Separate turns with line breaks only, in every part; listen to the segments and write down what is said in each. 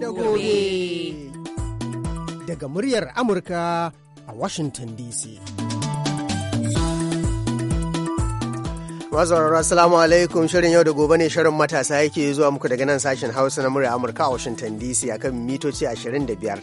da gobe.
Daga muryar Amurka a Washington DC. Mazaurara Assalamu alaikum shirin yau da gobe ne shirin matasa yake zuwa muku daga nan sashen Hausa na murya Amurka a Washington DC akan mitoci 25,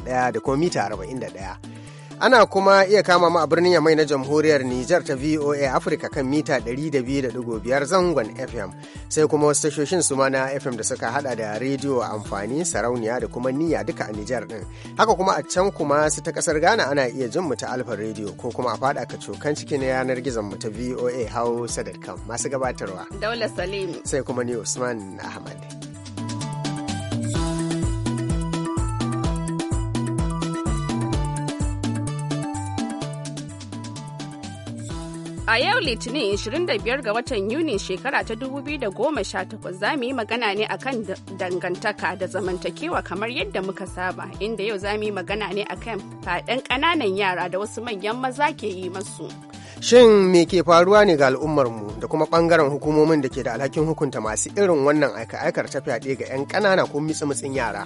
31 da kuma mita 41. Ana kuma iya kama mu a birnin Yamai na Jamhuriyar Nijar ta VOA Africa kan mita 200.5 zangon FM. Sai kuma wasu tashoshin su ma na FM da suka hada da rediyo amfani sarauniya da kuma niyya duka a Nijar din. Haka kuma a can kuma su ta kasar Ghana ana iya jin mu ta Alfa rediyo ko kuma a fada ka cokan cikin yanar gizon mu ta VOA Hausa.com masu gabatarwa.
Daula Salim.
Sai kuma ni Usman Ahmad.
A yau Litinin 25 ga watan Yuni shekara ta 2018 za mu yi magana ne akan dangantaka da zamantakewa kamar yadda muka saba inda yau za mu yi magana ne akan faɗin ƙananan yara da wasu manyan maza ke yi masu.
Shin me ke faruwa ne ga al'ummarmu da kuma ɓangaren hukumomin da ke da alhakin hukunta masu irin wannan aika-aikar ta fyaɗe ga 'yan ƙanana ko mitsi-mitsin yara?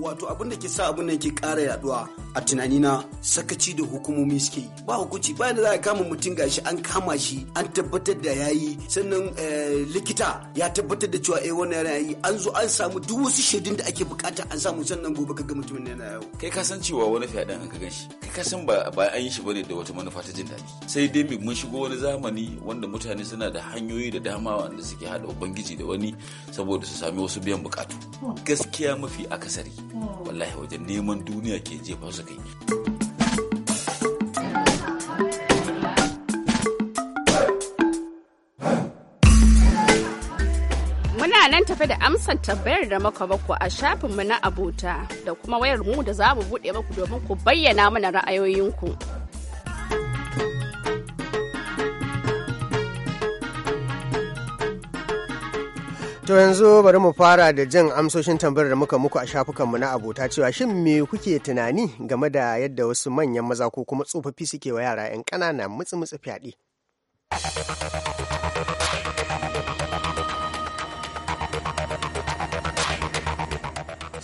wato abin da ke sa abin nan ke ƙara yaduwa a tunanina sakaci da hukumomi suke yi ba hukunci ba da za a kama mutum shi an kama shi an tabbatar da ya yi sannan eh, likita ya tabbatar da cewa eh wannan yi an zo an samu duk wasu shaidun da ake bukata an samu sannan gobe kaga mutumin ne yana yawo
kai ka san cewa wani fyaɗen an ka gan shi kai ka san ba an yi shi bane da wata manufa ta jin daɗi sai dai mun shigo wani zamani wanda mutane suna da hanyoyi da dama wanda suke haɗa ubangiji da wani saboda su sami wasu biyan bukatu hmm. gaskiya mafi akasari wallahi wajen neman duniya ke jefa su kai
muna nan tafe da amsan tambayar da maka baku a shafinmu na abota da kuma wayar mu da za mu buɗe maku domin ku bayyana mana ra'ayoyinku.
To yanzu bari mu fara da jan amsoshin tambayar da muka muku a shafukanmu na abota cewa shin me kuke tunani game da yadda wasu manyan maza ko kuma tsofaffi suke wa yara 'yan ƙanana mutsi-mutsi fyaɗe?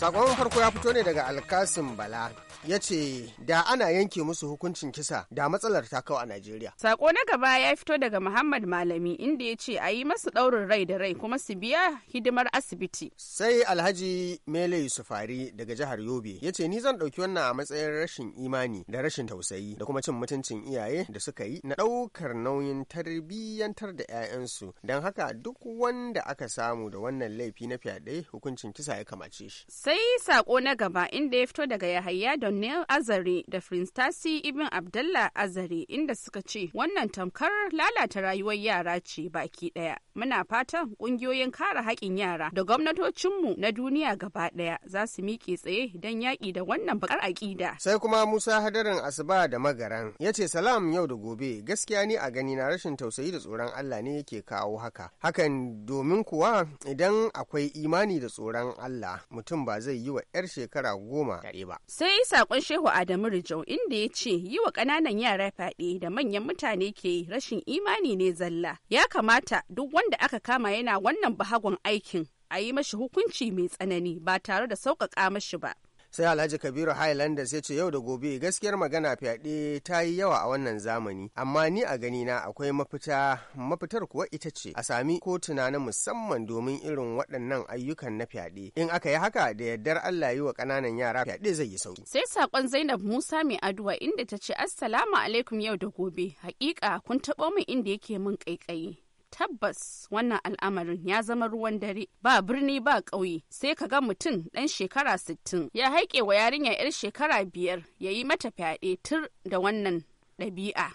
Sakon farko ya fito ne daga Alkasim Bala ya ce da ana yanke musu hukuncin kisa da matsalar ta kawo a Najeriya. Sako
na gaba ya fito daga Muhammad Malami inda ya ce a yi masu ɗaurin rai da rai kuma su biya
hidimar asibiti. Sai Alhaji Mele Yusufari daga jihar Yobe ya ce ni zan ɗauki wannan a matsayin rashin imani da rashin tausayi da kuma cin mutuncin iyaye da suka yi na ɗaukar nauyin tarbiyyantar da 'ya'yansu don haka duk wanda aka samu da wannan laifi na fyaɗe hukuncin kisa ya kamace shi.
Sai sako na gaba inda ya fito daga Yahaya Colonel Azare da Prince Tasi Ibn Abdallah Azare inda suka ce wannan tamkar lalata rayuwar yara ce baki ɗaya. Muna fatan ƙungiyoyin kare haƙƙin yara da gwamnatocinmu na duniya gaba ɗaya za su miƙe tsaye don yaƙi da wannan bakar aƙida.
Sai kuma Musa Hadarin Asuba da Magaran ya ce salam yau da gobe gaskiya ni a gani na rashin tausayi da tsoron Allah ne yake kawo haka. Hakan domin kuwa idan akwai imani da tsoron Allah mutum ba zai yi wa 'yar shekara goma ba. Sai
Isa sakon Shehu Adamu Rijau inda ya ce yi wa ƙananan yara fyaɗe da manyan mutane ke rashin imani ne zalla. Ya kamata duk wanda aka kama yana wannan bahagon aikin a yi mashi hukunci mai tsanani ba tare da sauƙaƙa mashi ba.
sai alhaji kabiru highlanders ya ce yau da gobe gaskiyar magana fyaɗe ta yi yawa a wannan zamani amma ni a ganina akwai mafita mafitar kuwa ita ce a sami ko na musamman domin irin waɗannan ayyukan na fyaɗe in aka yi haka da yardar allah yi wa ƙananan yara fyaɗe zai yi sauki
sai saƙon zainab musa mai aduwa inda ta ce assalamu alaikum yau da gobe hakika kun taɓo min inda yake min ƙaiƙayi tabbas wannan al'amarin ya zama ruwan dare ba birni ba ƙauye sai ka ga mutum ɗan shekara sittin ya haike wa yarinya 'yar shekara biyar ya yi mata fyaɗe tur da wannan ɗabi'a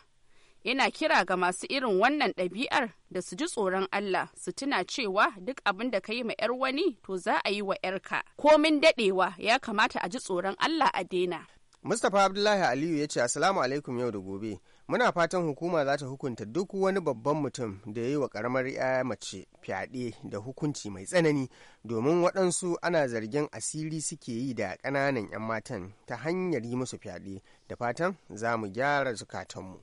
Ina kira ga masu irin wannan ɗabi'ar da su ji tsoron Allah su tuna cewa duk abin da ka yi ma 'yar wani to za a yi wa 'yarka komin daɗewa ya kamata a ji tsoron Allah a
daina. Mustapha Abdullahi Aliyu ya ce Assalamu alaikum yau da gobe. muna fatan hukuma za ta hukunta duk wani babban mutum da ya yi wa karamar 'ya'ya mace fyaɗe da hukunci mai tsanani domin waɗansu ana zargin asiri suke yi da ƙananan 'yan matan ta hanyar yi musu fyaɗe da fatan za mu gyara zukatanmu.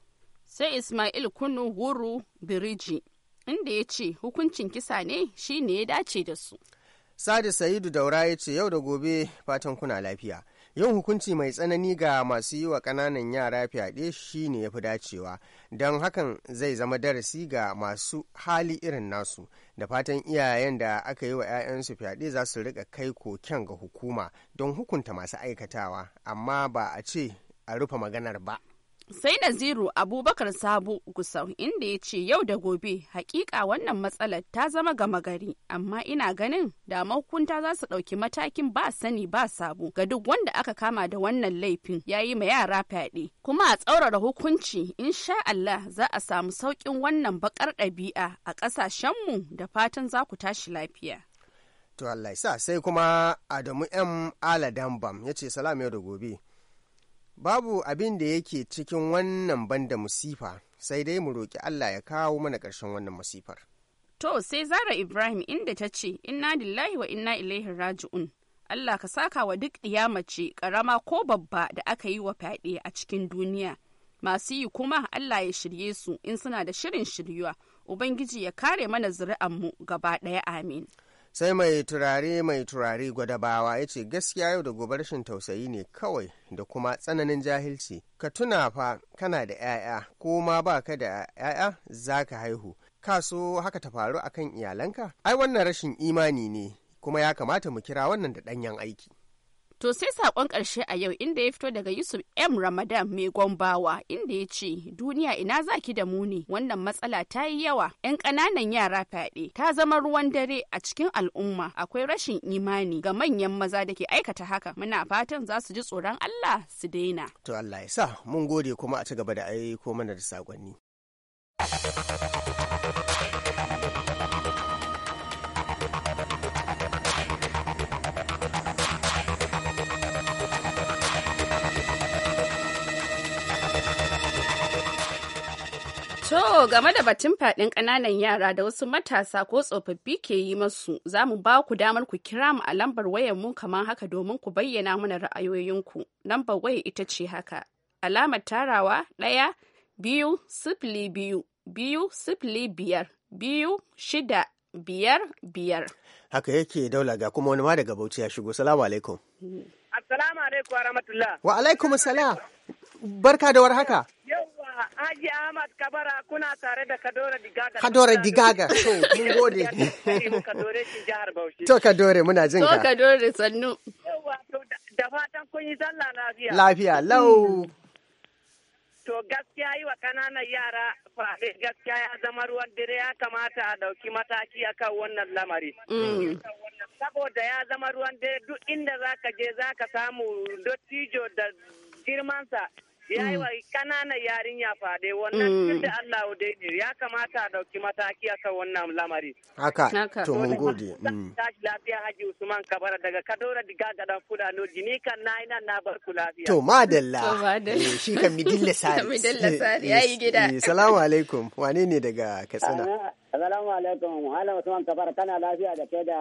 sai ismail kunu wuru biriji inda ya ce hukuncin kisa ne shi ne ya dace da
su sadi sa'idu daura ya ce yau da gobe fatan kuna lafiya yin hukunci mai tsanani ga masu yi wa ƙananan yara fyaɗe shi ne ya fi dacewa don hakan zai zama darasi ga masu hali irin nasu da fatan iyayen da aka yi wa 'ya'yansu fyaɗe za su riƙa kai koken ga hukuma don hukunta masu aikatawa amma ba a ce a rufe maganar ba.
sai naziru abubakar sabo gusau inda ya ce yau da gobe hakika wannan matsalar ta zama gama gari amma ina ganin da mahukunta za su ɗauki matakin ba sani ba sabo ga duk wanda aka kama da wannan laifin ya yi ma yara fyaɗe kuma a tsaurara hukunci insha Allah za a samu sauƙin wannan bakar ɗabi'a a ƙasashenmu da fatan za ku tashi lafiya.
To Allah sa sai kuma Adamu M. Aladambam ya ce salam yau da gobe. babu abin da yake cikin wannan banda musifa sai dai mu roki Allah ya kawo mana ƙarshen wannan musifar.
To sai Zara Ibrahim inda ta ce inna lillahi wa inna ilaihi raji'un Allah ka saka wa duk mace ƙarama ko babba da aka yi wa fyaɗe a cikin duniya. Masu yi kuma Allah ya shirye su in suna da shirin shiryuwa Ubangiji ya kare mana zuri'anmu gaba ɗaya amin.
sai mai turare mai turare gwadabawa ya ce gaskiya yau da gobe rashin tausayi ne kawai da kuma tsananin jahilci ka tuna fa kana da 'ya'ya ko ma ba ka da 'ya'ya za ka haihu ka so haka ta faru akan iyalanka ai wannan rashin imani ne kuma ya kamata mu kira wannan da ɗanyen aiki
To sai sakon ƙarshe a yau inda ya fito daga Yusuf M Ramadan mai gombawa inda ya ce duniya ina zaki da mu ne wannan matsala ta yi yawa 'yan ƙananan yara fyaɗe ta zama ruwan dare a cikin al'umma akwai rashin imani ga manyan maza da ke aikata haka muna fatan za su ji tsoron Allah su daina.
To Allah ya sa mun gode kuma a ci gaba da aiko mana da saƙonni.
To game da batun fadin ƙananan yara da wasu matasa ko tsofaffi ke yi masu za mu ba ku damar ku kira mu a lambar wayar mu kamar haka domin ku bayyana mana ra'ayoyinku. Lambar waya ita ce haka. Alamar tarawa ɗaya biyu sifili biyu biyu sifili biyar biyu shida biyar biyar.
Haka yake daula ga kuma wani ma daga Bauchi ya shigo. Salamu alaikum.
Assalamu alaikum wa rahmatullah.
Wa alaikum salam. Barka da war haka.
Haji Ahmad Kabara kuna
tare da Kadore Digaga. Kadore Digaga. To, mun gode. Kadore shi jihar Bauchi. To Kadore muna jin ka. To Kadore
sannu. da fatan kun yi zalla lafiya. Lafiya lau. To gaskiya yi wa kananan yara fahe, gaskiya ya zama ruwan dire ya kamata a dauki mataki a kan wannan lamari. Mm. Saboda ya zama ruwan dire duk inda za ka je za ka samu dottijo da girmansa ya yi mm. wa yarin yarinya fade wannan cikin mm. da Allah wadai ne ya kamata a dauki mataki a kan wannan lamari.
Haka, to mun gode. Mm.
Tashi lafiya Haji Usman Kabara daga Kadora diga gadan Fulano jini kan na ina na bar ku lafiya.
To madalla. To madalla. Eh, shi kan midilla sari. Midilla sari eh, ya yi eh, gida. Salamu alaikum. Wane ne daga Katsina?
Assalamu alaikum, Malam Usman kabara kana lafiya da ke da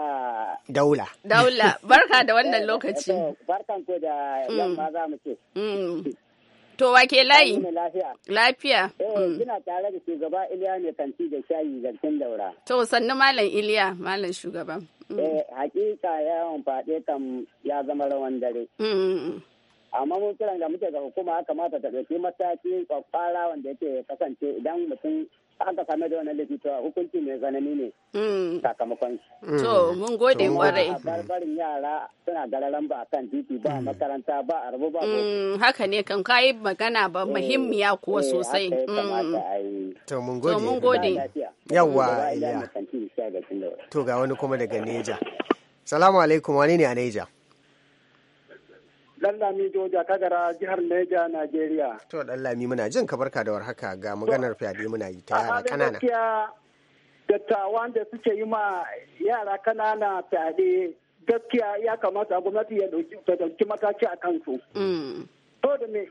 Daula.
Daula, barka da wannan lokaci. Barkan ku da yamma za mu ce. To wake layi? Lafiya. Eh, kina
mm. tare da shugaba Iliya ne kanti da shayi zartin daura.
To sannu Malam Iliya, Malam shugaba.
Mm. Eh, hakika yawan faɗe kam ya zama rawan dare.
Mm,
amma mun kiran da muke ga hukuma kamata ta ɗauki mataki kwakwara wanda yake kasance idan mutum aka ka same da wannan laifi to hukunci mai zanani ne hmm. sakamakon shi. To mun gode kwarai. Barbarin yara suna gararan ba kan titi ba makaranta ba a rabu ba.
Haka ne kan kayi magana ba muhimmiya kuwa sosai.
To mun gode. To mun gode. Yawwa iya. To ga wani kuma daga Neja. Salamu alaikum wani ne a Neja?
Lallami Joja Kagara jihar Neja Najeriya.
To Lallami muna jin ka barka da warhaka ga maganar fyaɗe muna yi ta yara kanana.
dattawan da suke yi ma yara kanana fyaɗe gaskiya ya kamata gwamnati ya ɗauki mataki a kansu. Mm. To da me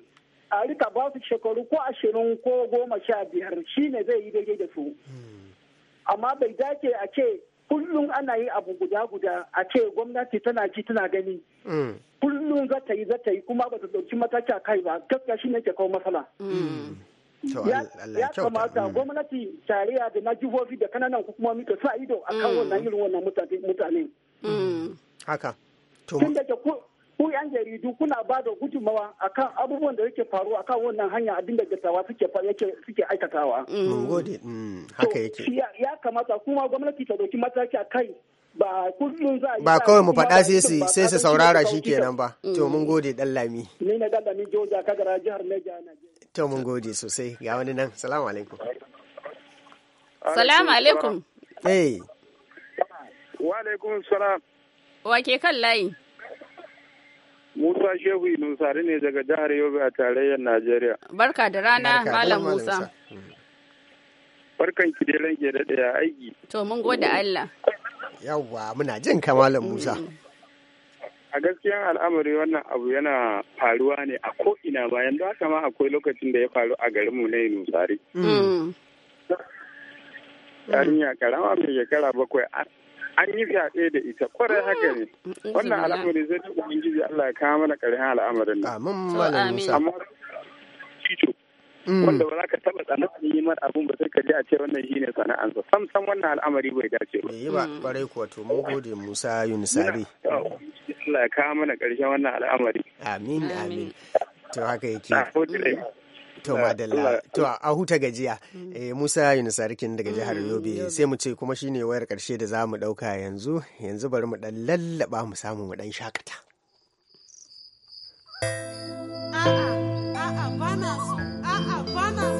a rika ba su shekaru ko ashirin ko goma sha biyar shi ne zai yi daidai da su. Mm. Amma bai dace a ce kullum ana yi abu guda guda a ce gwamnati tana ji tana gani mm. kullum za ta yi za ta yi kuma ba ta ɗauki mataki a kai ba gaskiya shi ne ke kawo matsala
mm. ya
kamata mm. gwamnati tarayya da na jihohi da kananan hukumomi ta sa ido a kan wannan irin wannan mutane haka tun ku yan jaridu kuna ba da gudunmawa akan abubuwan da yake faruwa akan wannan hanya abin da gasawa suke suke aikatawa. Mm. Gode,
mm, haka yake. Ya kamata kuma gwamnati ta dauki mataki a kai ba kullum za a yi ba kawai mu faɗa sai sai su saurara shi kenan ba to mun gode dan lami ni
ne dan lami joja kagara jihar Niger Najeriya
to mun gode sosai ga wani nan salamu alaikum
salamu alaikum
eh
wa alaikum salam
wa ke kan layi
Musa Shehu Nusari ne daga jihar Yobe a tarayyar Najeriya.
Barka da rana, Malam Musa.
Barkan ki dai ke da ɗaya aiki.
To mun gode mm. Allah. Yawwa muna jin ka Malam mm. Musa.
A gaskiyan al'amari wannan abu yana faruwa ne a ko'ina bayan da haka ma akwai lokacin da ya faru a garinmu na Nusari. Mm. Yarinya karama mai shekara bakwai an yi fyaɗe da ita kwarai haka ne
mm. wannan al'amari
zai ta ubangiji Allah ya kawo mana ƙarfin al'amarin nan amin malam Musa amma mm. wanda ba za ka taɓa tsammanin yi mara abun ba sai ka ji a ce wannan shine sana'ansa sam sam wannan al'amari bai dace ba yi ba
mm. kwarai kuwa to mun gode Musa Yunusari
Allah ya kawo mana ƙarshen wannan al'amari amin amin
to haka yake to madalla to a huta gajiya mm. eh, musa yunusarikin daga jihar mm, yobe sai mu ce kuma shine wayar karshe da za mu ɗauka yanzu yanzu bari mu ɗan lallaba mu samu mu ɗan shakata
a'a a'a bana a'a bana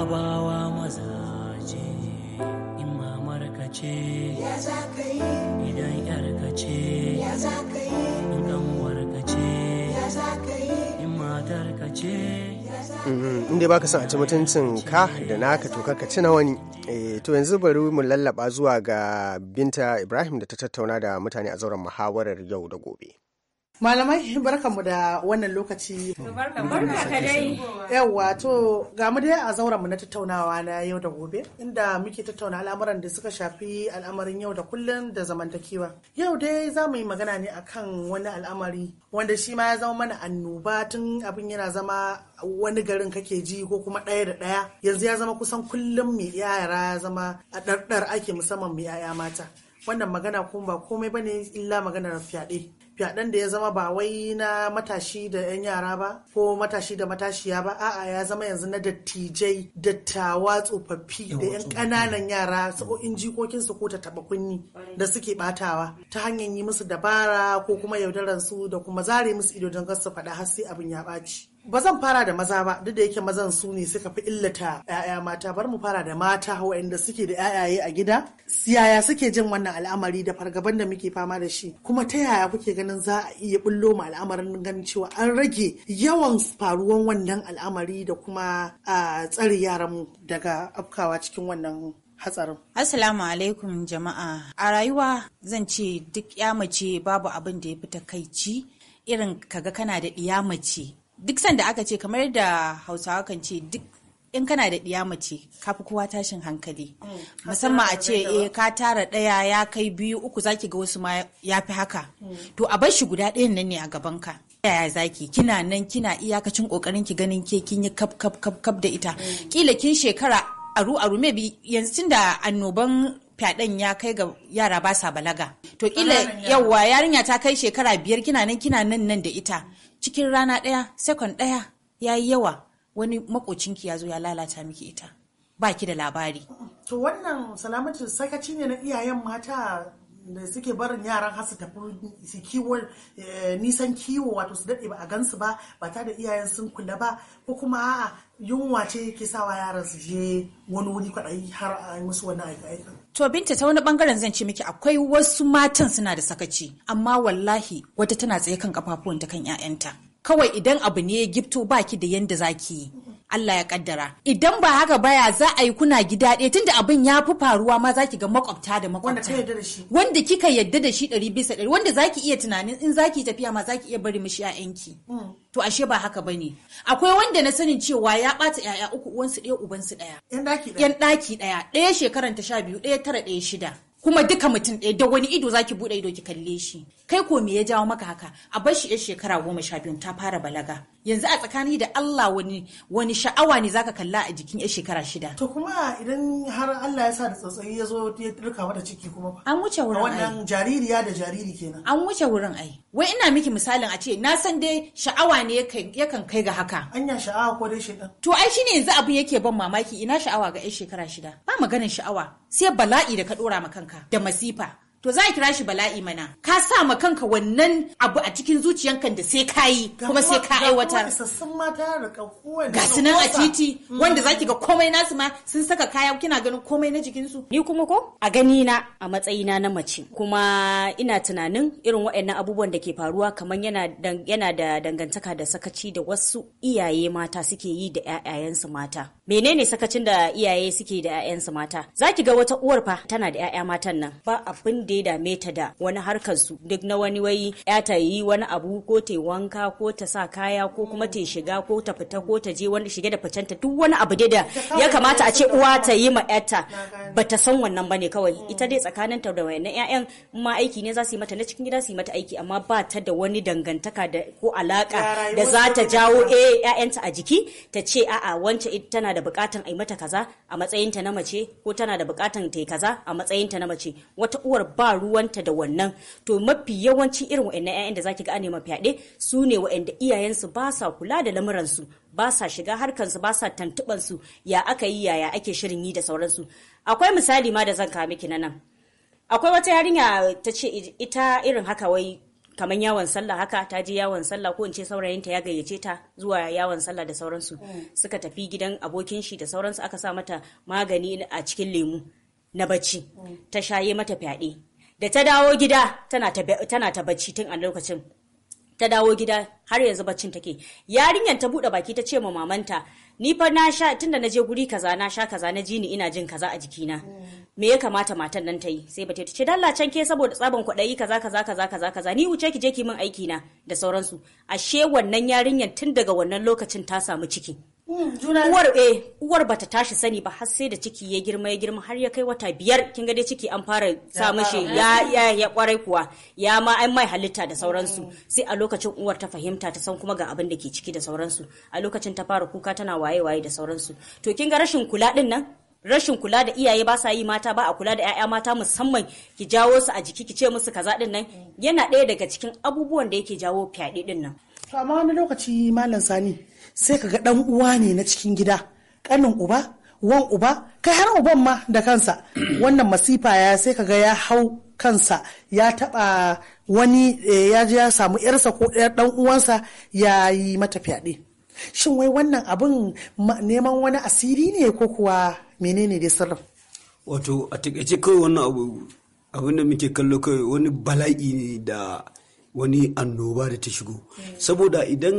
abawa mazaje in mamar ka ce idan yar ka ce
in ka ce in matar ka ce
inda ba ka mm-hmm. son a ci mutuncin ka da naka to ka ci na wani eh, to yanzu bari mu lallaba zuwa ga binta ibrahim da ta tattauna da mutane a zauren muhawarar yau da gobe
Malamai barkanmu da wannan lokaci. Yawwa to ga mu dai a zauren mu na tattaunawa na yau da gobe inda muke tattauna al'amuran da suka shafi al'amarin yau da kullum da zamantakewa. Yau dai za mu yi magana ne akan wani al'amari wanda shi ma ya zama mana annoba tun abin yana zama wani garin kake ji ko kuma ɗaya da ɗaya yanzu ya zama kusan kullum mai yara ya zama a ɗarɗar ake musamman mai 'ya'ya mata. Wannan magana kuma ba komai bane illa maganar fyaɗe. fyaɗen da ya zama ba wai na matashi da 'yan yara ba ko matashi da matashiya ba a'a ya zama yanzu na dattijai dattawa tsofaffi da 'yan ƙananan yara sa'o'in jikokinsu ko ta taba kunni da suke batawa ta hanyar yi musu dabara ko kuma yaudaran su da kuma zare musu ido don su faɗa har sai abin ya ɓaci ba zan fara da maza ba duk da yake mazan su ne suka fi illata 'ya'ya mata bar mu fara da mata waɗanda suke da 'ya'yaye a gida yaya suke jin wannan al'amari da fargaban da muke fama da shi kuma ta yaya kuke ganin za a iya bullo ma al'amarin ganin cewa an rage yawan faruwan
wannan al'amari da kuma a tsare mu daga afkawa cikin wannan hatsarin. Assalamu alaikum jama'a. A rayuwa zan ce duk ya mace babu abin da ya fi takaici irin kaga kana da ɗiya mace duk sanda aka ce kamar da hausawa kan ce duk in kana da ɗiya mace kafi kowa tashin hankali mm, musamman a ce eh ka tara ɗaya ya kai biyu uku zaki ga wasu ma ya fi haka mm. to a bar shi guda ɗayan nan ne a gaban ka yaya zaki kina nan kina iyakacin kokarin ki ganin ke kin yi kap kap kap kap da ita kila mm. kin shekara aru aru bi. yanzu tunda annoban fyaɗen ya kai ga yara ba sa balaga to kila yawwa yarinya ta kai shekara biyar kina nan kina nan nan da ita cikin rana ɗaya sekon ɗaya ya yi yawa wani makocinki ya zo ya lalata miki ita ba ki da labari
to wannan salamatu sakaci ne na iyayen mata da suke barin yaran har su tafi su kiwo eh, nisan kiwo wato su daɗe ba a gansu ba ba ta da iyayen sun kula ba ko kuma a'a yunwa ce ke sawa yaran su je wani wuri kwaɗayi har
a yi musu wani aiki To binta ta wani bangaren zan ce miki akwai wasu matan suna da sakaci amma wallahi wata tana tsaye kan ta kan 'ya'yanta. Kawai idan abu ne ya gifto baki da yanda zaki yi Allah ya kaddara idan ba haka baya za a yi kuna gida ɗaya tunda abin ya fi faruwa ma za ki ga makwabta da makwabta wanda kika yarda da shi ɗari bisa ɗari wanda za ki iya tunanin in za ki tafiya ma za ki iya bari mishi ƴaƴanki mm. to ashe ba haka ba ne. akwai wanda na sanin cewa ya ɓata ƴaƴa uku uwansu ɗaya ubansu ɗaya yan ɗaki ɗaya Yan ɗaki ɗaya Ɗaya ta sha biyu ɗaya tara ɗaya shida kuma duka mutum ɗaya da wani ido zaki buɗe ido ki kalle shi kai ko me ya jawo maka haka a bar shi ya shekara goma sha biyu ta fara balaga yanzu a tsakani da Allah wani wani sha'awa ne zaka kalla a jikin ya shekara shida to
kuma idan har
Allah ya sa da tsatsayi ya zo ya dirka mata ciki kuma ba an wuce wurin wannan jaririya da jariri kenan an wuce wurin ai wai ina miki misalin a ce na san dai sha'awa ne yakan kai ga haka anya sha'awa ko dai shedan to ai shine yanzu abin yake ban mamaki ina sha'awa ga ya shekara shida ba maganin sha'awa sai bala'i da ka dora ma kanka da masifa to za a kira shi bala'i mana ka sa ma kanka wannan abu a cikin zuciyanka da sai ka yi kuma sai ka aiwatar
ga su nan a titi mm. wanda zaki ga
komai nasu ma sun saka kaya kina ganin
komai na jikinsu ni kuma ko a gani na a matsayina na mace kuma ina tunanin irin waɗannan abubuwan da ke faruwa kamar yana da dangantaka da sakaci da wasu iyaye mata suke yi da 'ya'yayensu mata menene sakacin da iyaye suke da 'ya'yansu mata zaki ga wata uwar fa tana da 'ya'ya matan nan ba abin da ya dame ta da wani harkar su duk na wani wai ya ta yi wani abu ko ta wanka ko ta sa kaya ko kuma ta shiga ko ta fita ko ta je wani shige da ficenta duk wani abu dai da ya kamata a ce uwa ta yi ma 'yarta ba ta san wannan ba ne kawai ita dai tsakanin ta da wayannan 'ya'yan ma aiki ne za su yi mata na cikin gida su yi mata aiki amma ba ta da wani dangantaka da ko alaka da za ta jawo eh 'ya'yanta a jiki ta ce a'a ita tana da bukatan a yi mata kaza a matsayin ta na mace ko tana da bukatan ta yi kaza a matsayinta na mace wata uwar ba ruwanta da wannan to mafi yawanci irin wa'annan 'ya'yan da zaki ga mafi fyaɗe su ne wa'anda iyayensu ba sa kula da lamuransu ba sa shiga harkansu ba sa tantubansu ya aka yi yaya ake shirin yi da sauransu akwai misali ma da zan kawo miki na nan akwai wata yarinya ta ce ita irin haka wai kamar yawon sallah haka ta je yawon sallah ko in ce saurayinta ya gayyace ta zuwa yawon sallah da sauransu mm. suka tafi gidan abokin shi da sauransu aka sa mata magani a cikin lemu na bacci mm. ta shaye mata fyaɗe da ta dawo gida tana ta bacci tun a lokacin ta dawo gida har yanzu baccin take yarinyar ta bude baki ta ce ma mamanta ni fa na sha tunda na je guri kaza na sha kaza na ji ni ina jin kaza a jikina me ya kamata matan nan ta yi sai ba ta ce dalla can ke saboda tsaban kwaɗayi kaza kaza kaza kaza kaza ni wuce ki je ki min aiki na da sauransu ashe wannan yarinyar tun daga wannan lokacin ta samu ciki Hmm, uwar eh, uwar bata tashi sani ba har sai da ciki ya girma ya girma har ya kai wata biyar kin ga dai ciki an fara sa mishi ya ya ya kwarai kuwa ya ma an mai halitta da sauransu hmm. sai a lokacin uwar ta fahimta ta san kuma ga abin da ke ciki da sauransu a lokacin ta fara kuka tana waye waye da sauransu to kin ga rashin kula din nan rashin kula da iyaye ba sa yi mata ba a kula da 'ya'ya mata musamman ki jawo su a jiki ki ce musu kaza din nan hmm. yana ɗaya daga cikin abubuwan da yake jawo fyaɗe din nan
To amma wani lokaci malam sani sai ka ga ɗan uwa ne na cikin gida ƙanin uba wan uba kai har uban ma da kansa wannan masifa ya sai ka ga ya hau kansa ya taɓa wani eh, ya ji ya samu yarsa ko ɗayar ɗan uwansa ya yi mata fyaɗe. Shin wai wannan abin neman wani asiri ne ko kuwa menene dai sirrin?
Wato a taƙaice kawai wannan abu abin da muke kallo kawai wani bala'i ne da wani annoba da ta shigo saboda idan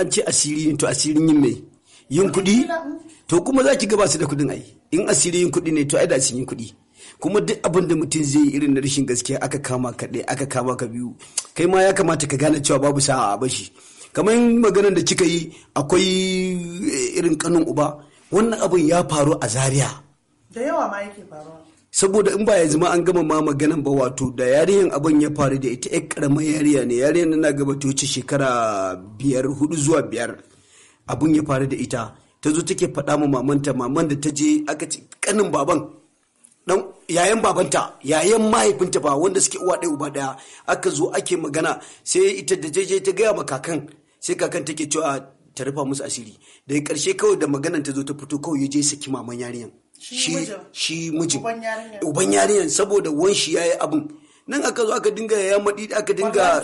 an ce asiri to asirin yin mai yin kuɗi to kuma za ki gaba da kuɗin ai in asiri yin kuɗi ne to ai da asirin yin kuɗi kuma duk abin da mutum zai yi irin na rashin gaskiya aka kama ka ɗaya aka kama ka biyu kai ma ya kamata ka gane cewa babu sa'a a bashi kamar maganar da kika yi akwai eh, irin kanun uba wannan abin ya faru a zaria
da yawa ma yake faruwa
saboda in ba ya zama an gama ma maganan ba wato da yariyan abin ya faru da ita 'yar karamar yariya ne yariyan na gaba ta wuce shekara biyar hudu zuwa biyar abin ya faru da ita ta zo take faɗa ma mamanta maman da ta je aka ce kanin baban dan yayan babanta yayan mahaifinta ba wanda suke uwa ɗaya uba ɗaya aka zo ake magana sai ita da jeje ta gaya ma kakan sai kakan take cewa ta rufa musu asiri ya karshe kawai da maganan ta zo ta fito kawai ya je saki maman yariyan shi mijin
uban yarinyar
saboda wanshi shi yayi abun nan aka zo aka dinga ya madi aka dinga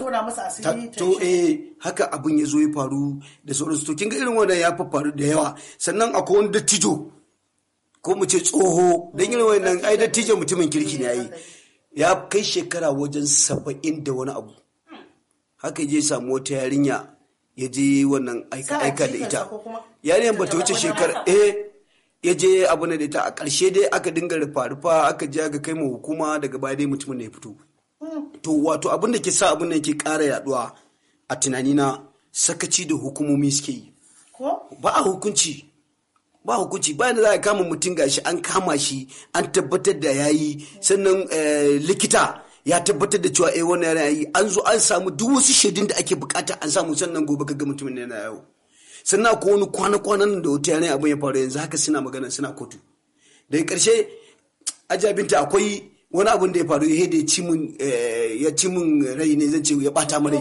to eh haka abun ya zo ya faru da sauransu to kinga irin wannan ya fa faru da yawa sannan akwai wani dattijo ko mu ce tsoho dan irin wannan ai dattijo mutumin kirki ne yayi ya kai shekara wajen saba'in da wani abu haka je samu wata yarinya ya je wannan aika aika da ita yarinyar ba ta wuce shekara eh ya je abu na ta a ƙarshe dai aka dinga rufa-rufa aka je aka kai ma hukuma daga baya dai mutumin ya fito to wato abin da ke sa abin da ke ƙara yaduwa a tunani na sakaci da hukumomi suke yi ba a hukunci ba hukunci bayan da za a kama mutum gashi an kama shi an tabbatar da ya yi sannan eh, likita ya tabbatar da cewa eh wannan yana yi an zo an samu duk wasu shaidun da ake bukata an samu sannan gobe ka ga mutumin yana yau. sannan ko wani kwana-kwanan da wuta yanayi abin ya faru yanzu haka suna magana suna kotu daga karshe ajabinta akwai wani abin da ya faru ya da ya ci min eh, rai ne zan ce ya bata mara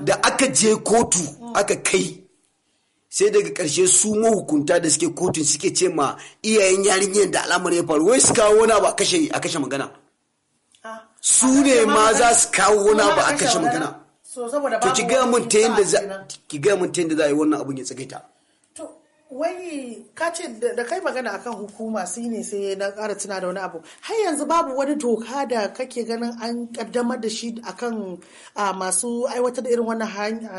da aka je kotu aka kai sai daga karshe su mahukunta da suke kotun suke ce ma iyayen yarinyar da al'amar ya faru wai su kawo wani abu a kashe magana ah, su ne ma za su kawo wani abu a kashe magana
to ki ga mun ta yanda za
ki ga mun ta yanda za a yi wannan abun ya tsagaita
to wai ka ce da kai magana akan hukuma su ne sai na ƙara tuna da wani abu har yanzu babu wani doka da kake ganin an kaddamar da shi akan masu aiwatar da irin wannan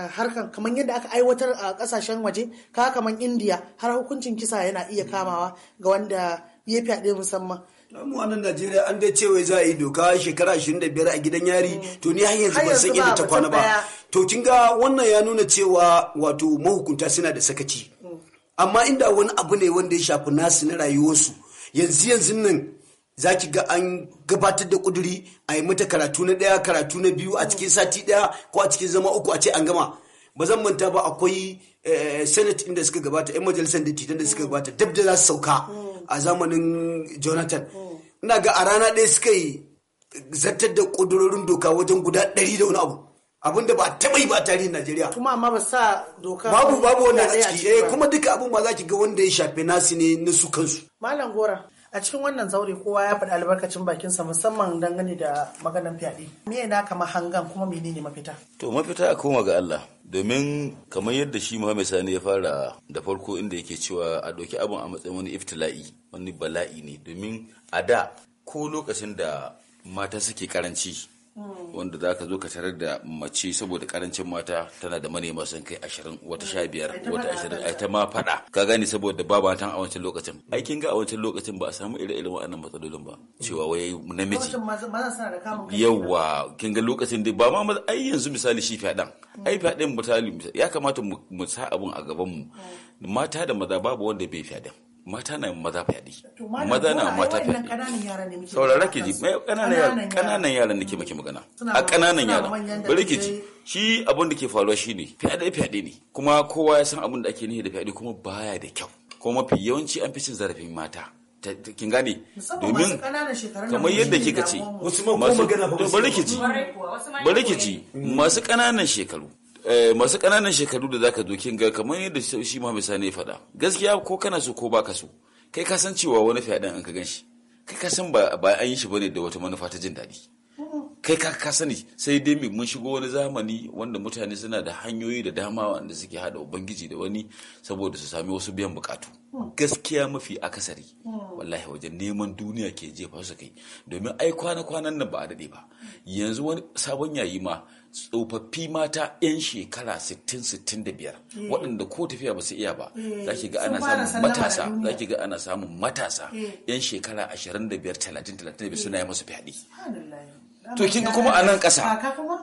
harkan kamar yadda aka aiwatar a ƙasashen waje ka kamar indiya har hukuncin kisa yana iya kamawa ga wanda ya fyaɗe musamman
mu wannan Najeriya an dai cewa za a yi doka shekara 25 a gidan yari to ni har yanzu ban san inda ta kwana ba to kin ga wannan ya nuna cewa wato mahukunta suna da sakaci amma inda wani abu ne wanda ya shafi nasu na rayuwarsu yanzu yanzu nan za ki ga an gabatar da kuduri a yi mata karatu na ɗaya karatu na biyu a cikin sati ɗaya ko a cikin zama uku a ce an gama ba zan manta ba akwai eh, senate inda suka gabata 'yan majalisar da da suka gabata dab da za su sauka a zamanin jonathan oh. ina ga a rana ɗaya suka yi zartar da ƙudurorin doka wajen guda ɗari da wani abu abinda ba taɓa yi ba tarihin najeriya
kuma amma ba sa doka babu babu wannan a ciki eh kuma
duka abin ma za ki ga wanda ya shafe nasu ne na su kansu
malam gora a cikin wannan zaure kowa ya faɗi albarkacin bakinsa musamman dangane da maganan fyaɗe me na kama hangan kuma menene mafita
to mafita a koma ga Allah domin kamar yadda shi Muhammad Sani ya fara da farko inda yake cewa a ɗauki abun a matsayin wani iftila'i wani bala'i ne domin a da ko lokacin da mata suke karanci wanda za ka zo ka tarar da mace saboda karancin mata tana da manema sun kai ashirin wata sha biyar wata ashirin ai ta ma faɗa ka gane saboda ba ba a wancan lokacin ai kin ga a wancan lokacin ba a samu ire-iren waɗannan matsalolin ba cewa wai namiji yawa kin ga lokacin dai ba ma ai yanzu misali shi fyaɗan ai fyaɗan misali ya kamata mu sa abun a gaban mu mm. mata da maza babu wanda bai fyaɗan mata na maza fyaɗe
maza na mata fyaɗe saurara
ke ji kananan yaran da ke maki magana a kananan yaran bari ke ji shi abin da ke faruwa shi ne fyaɗe fyaɗe ne kuma kowa ya san abin da ake nihi da fyaɗe kuma baya da kyau kuma mafi yawanci an fi cin zarafin mata kin gane domin
kamar yadda kika ce
masu bari ki ji masu kananan shekaru Eh, masu kananan shekaru da zaka zo kin ga kamar yadda shi Muhammad Sani ya faɗa gaskiya ko kana so ko baka so kai ka san cewa wani fyaɗen an ka ganshi kai ka san ba an yi shi bane da wata manufa ta jin daɗi kai ka ka sani sai dai mun shigo wani zamani wanda mutane suna da hanyoyi da dama wanda suke hada ubangiji da wani saboda su sami wasu biyan bukatu gaskiya mafi akasari wallahi wajen neman duniya ke jefa su kai domin ai kwana kwanan nan ba a dade ba yanzu wani sabon yayi ma tsofaffi mata 'yan shekara 60-65 eh. waɗanda ko tafiya ba su iya ba eh. za ki ga ana samun matasa za ki ga ana samun matasa 'yan shekara 25-30-35 suna yi masu fyaɗe
to kin ga kuma a nan ƙasa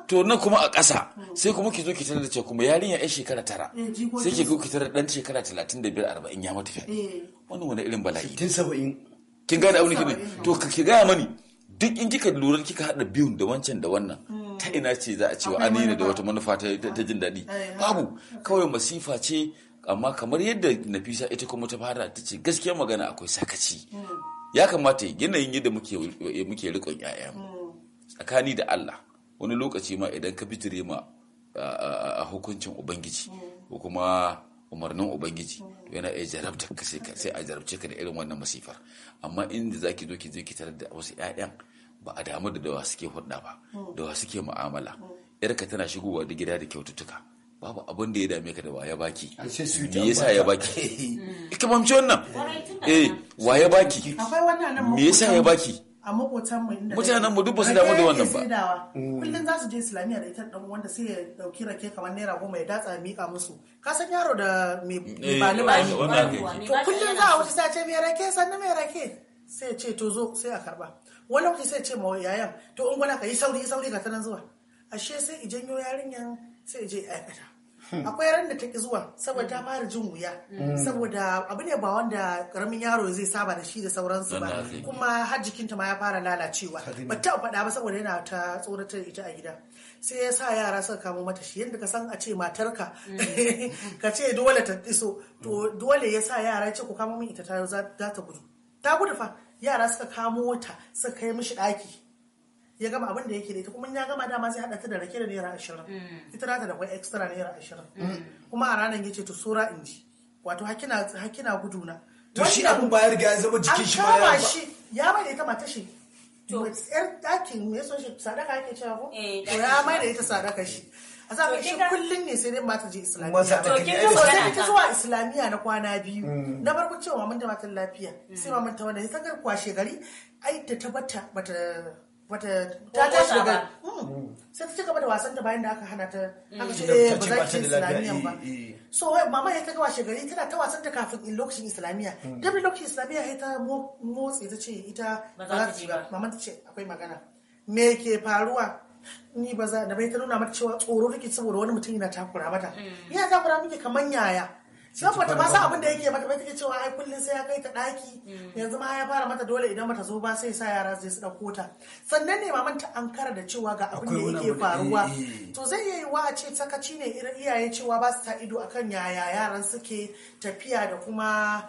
to nan kuma a ƙasa hmm. sai kuma ki zo ki tarar da cewa kuma yarinya 'yan shekara tara eh, sai ki zo ki tarar ɗan shekara 35-40 ya mata fyaɗe wannan wani irin bala'i kin gane abin da to ki gaya mani duk in kika lura kika haɗa biyun da wancan da wannan hmm. ta ina ce za a cewa an da wata manufa ta jin daɗi babu kawai masifa ce amma kamar yadda nafisa ita kuma ta fara ta ce gaskiya magana akwai sakaci hmm. ya kamata yanayin yadda muke rikon 'ya'ya hmm. tsakani da allah wani lokaci ma idan ka fitire ma a hukuncin ubangiji hmm. ko kuma umarnin ubangiji yana iya jarabta ka sai a jarabce ka da irin wannan masifar amma inda zaki zo ki je ki tarar da wasu 'ya'yan ba a damu da dawa suke hudda ba hmm. dawa suke mu'amala hmm. yarka tana shigowa da gida da kyaututtuka babu abin da ya dame ka da waya baki me yasa ya baki hmm. ikimamci wannan eh waya baki
me yasa ya baki a makotan mu inda mutanen mu duk ba su damu da wannan ba kullun za su je islamiyya da ita dan wanda sai ya dauki rake kamar naira goma ya datsa mika musu ka san yaro da me eh, bali bali to kullun za a wuce sace me rake sannan me rake sai ya ce to zo sai a karba wani lokaci sai ce ma yayan to in gwana ka yi sauri sauri ka tanan zuwa ashe sai i janyo yarinyan sai je aikata hmm. akwai ran da ta ki zuwa saboda ta fara jin wuya hmm. saboda abu ne ba wanda karamin yaro zai saba da shi da sauransu ba kuma har jikinta ma ya fara lalacewa ba ta faɗa ba saboda yana ta tsoratar ita a gida sai ya sa yara suka kamo mata shi yadda ka san a ce matarka hmm. ka ce dole ta iso to dole ya sa yara ce ku kamo min ita ta za ta gudu ta gudu fa yara suka kamo wata suka kai mishi ɗaki ya gama abin da yake da ita kuma ya gama dama sai haɗa ta da rake da naira ashirin mm. ita nata da kwai extra naira ashirin mm. kuma a ranar yace to sura in ji wato hakina hakina guduna to shi abin ba ya riga ya zama jikin shi ba ya shi ya bai da ita mata shi to yar ɗakin me yaso shi sadaka yake cewa ko eh, to ya mai da ita sadaka shi a sa shi kullum ne sai dai mata je islamiyya to kin ji magana ta zuwa islamiyya na kwana biyu mm. na farko cewa maman da matan lafiya mm. sai maman ta wanda sai ta garkuwa shegari ai ta tabbata bata wata ta tashi daga mm. sai ta ci gaba da wasan ta bayan da aka hana ta aka ce eh ba za ki ci islamiyya ba eh, eh. so mama ya ta gawa shegari tana ta wasan ta kafin in lokacin islamiyya dabi lokacin islamiyya ya ta motsi ta ce ita ba za ta ji ba maman ta ce akwai magana me ke faruwa ni ba za da bai ta nuna mata cewa tsoro take saboda wani mutum yana takura mata mm. yana takura miki kaman yaya ta ba sa abin da yake mata bai take cewa ai kullun sai ya kai ta daki mm. yanzu ma ya fara mata dole idan mata zo ba sai sa yara zai su dauko ta sannan ne maman ta ankara da cewa ga abin da yake faruwa eh, eh. to zai yi wa a ce sakaci ne irin iyaye cewa ba su ta ido akan yaya yaran suke tafiya da kuma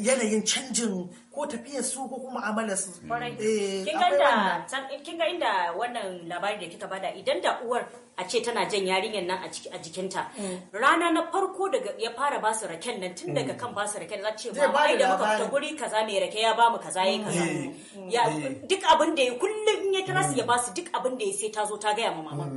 yanayin canjin ko tafiyar su ko kuma amalar su
eh, kin ga inda wannan labari da kika bada idan da uwar a ce tana jan yarinyar nan a jikinta mm. rana na farko daga ya fara basu raken nan tun daga mm. kan basu raken za ce ba ai da muka fita guri kaza mai rake ya bamu kaza yayi kaza mm. duk abin da ya kullum ya kira su ya basu duk abin da ya sai ta zo ta gaya ma mama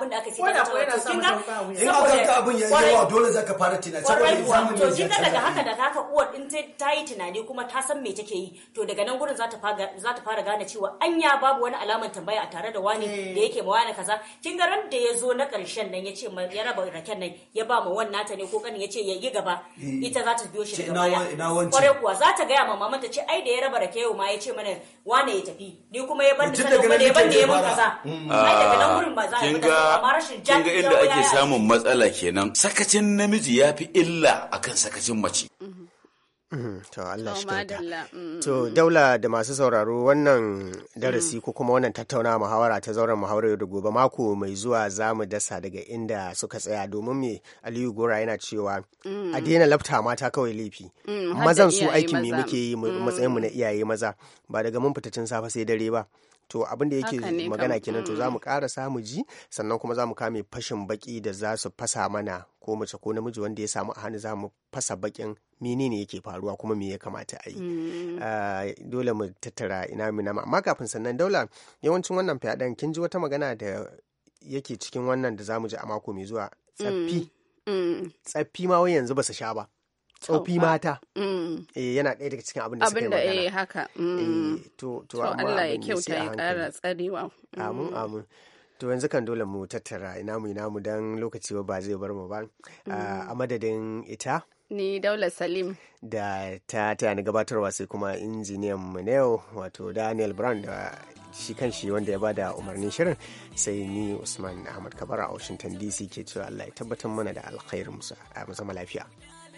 abin da aka ce da ta to kin ga in aka ga abin ya wa
dole zaka fara tunani saboda examen to kin ga daga haka
da haka uwar din ta yi tunani kuma ta san me take yi to daga nan gurin za ta fara za fara gane cewa anya babu wani alamar tambaya a tare da wani eh. da yake ma wani kaza kin ga ran da ya zo na karshen nan ya ce ya raba raken nan ya ba ma wannan ta ne ko kanin ya ce ya yi gaba eh. ita za ta biyo shi daga baya kwarai kuwa za ta gaya ma mamanta ce ai da ya raba rake yau ma ya ce mana wane ya tafi ni kuma ya bar ni sanin kuma da ya bar ni ya mun kaza mm. ai daga amma ga inda ake samun
matsala kenan sakacin namiji ya fi illa akan sakacin mace mm-hmm.
Mm-hmm. to Allah
shi
To daula
da masu sauraro wannan darasi ko kuma wannan tattauna muhawara ta zauren muhawara da gobe mako mai zuwa za mu dasa daga inda suka tsaya domin me Aliyu Gora yana cewa a daina lafta mata kawai laifi.
Mm,
Mazan su aikin me muke yi matsayin mu mm. na
iyaye maza ba daga mun fitattun safe sai dare ba. to abin da yake magana kenan to za mu mm. ƙara samu ji sannan kuma za mu kame fashin baki da za su fasa mana ko mace ko namiji wanda ya samu a hannu za mu fasa bakin mini ne yake faruwa kuma me ya kamata a yi mm. ah, dole mu tattara ina mina amma kafin sannan daula yawancin wannan fyaɗen kin ji wata magana da yake cikin wannan da zamu ji a mako mai zuwa tsaffi mm. tsaffi ma wai yanzu ba su sha ba tsofi mata mm. eh, yana ɗaya daga cikin abin da suka yi magana abin
eh, haka mm.
eh, to to Allah ya kyauta ya ƙara
tsarewa mm. amin amin
to yanzu kan dole mu tattara ina mu ina mu dan lokaci ba zai bar mu ba ah, a madadin ita
ni daula salim
da ta taya ni gabatarwa sai kuma injiniyan mu ne wato daniel brown da shi kan shi wanda ya ba da umarnin shirin sai ni usman ahmad kabara a washington dc ke cewa allah ya tabbatar mana da alkhairin musa a zama lafiya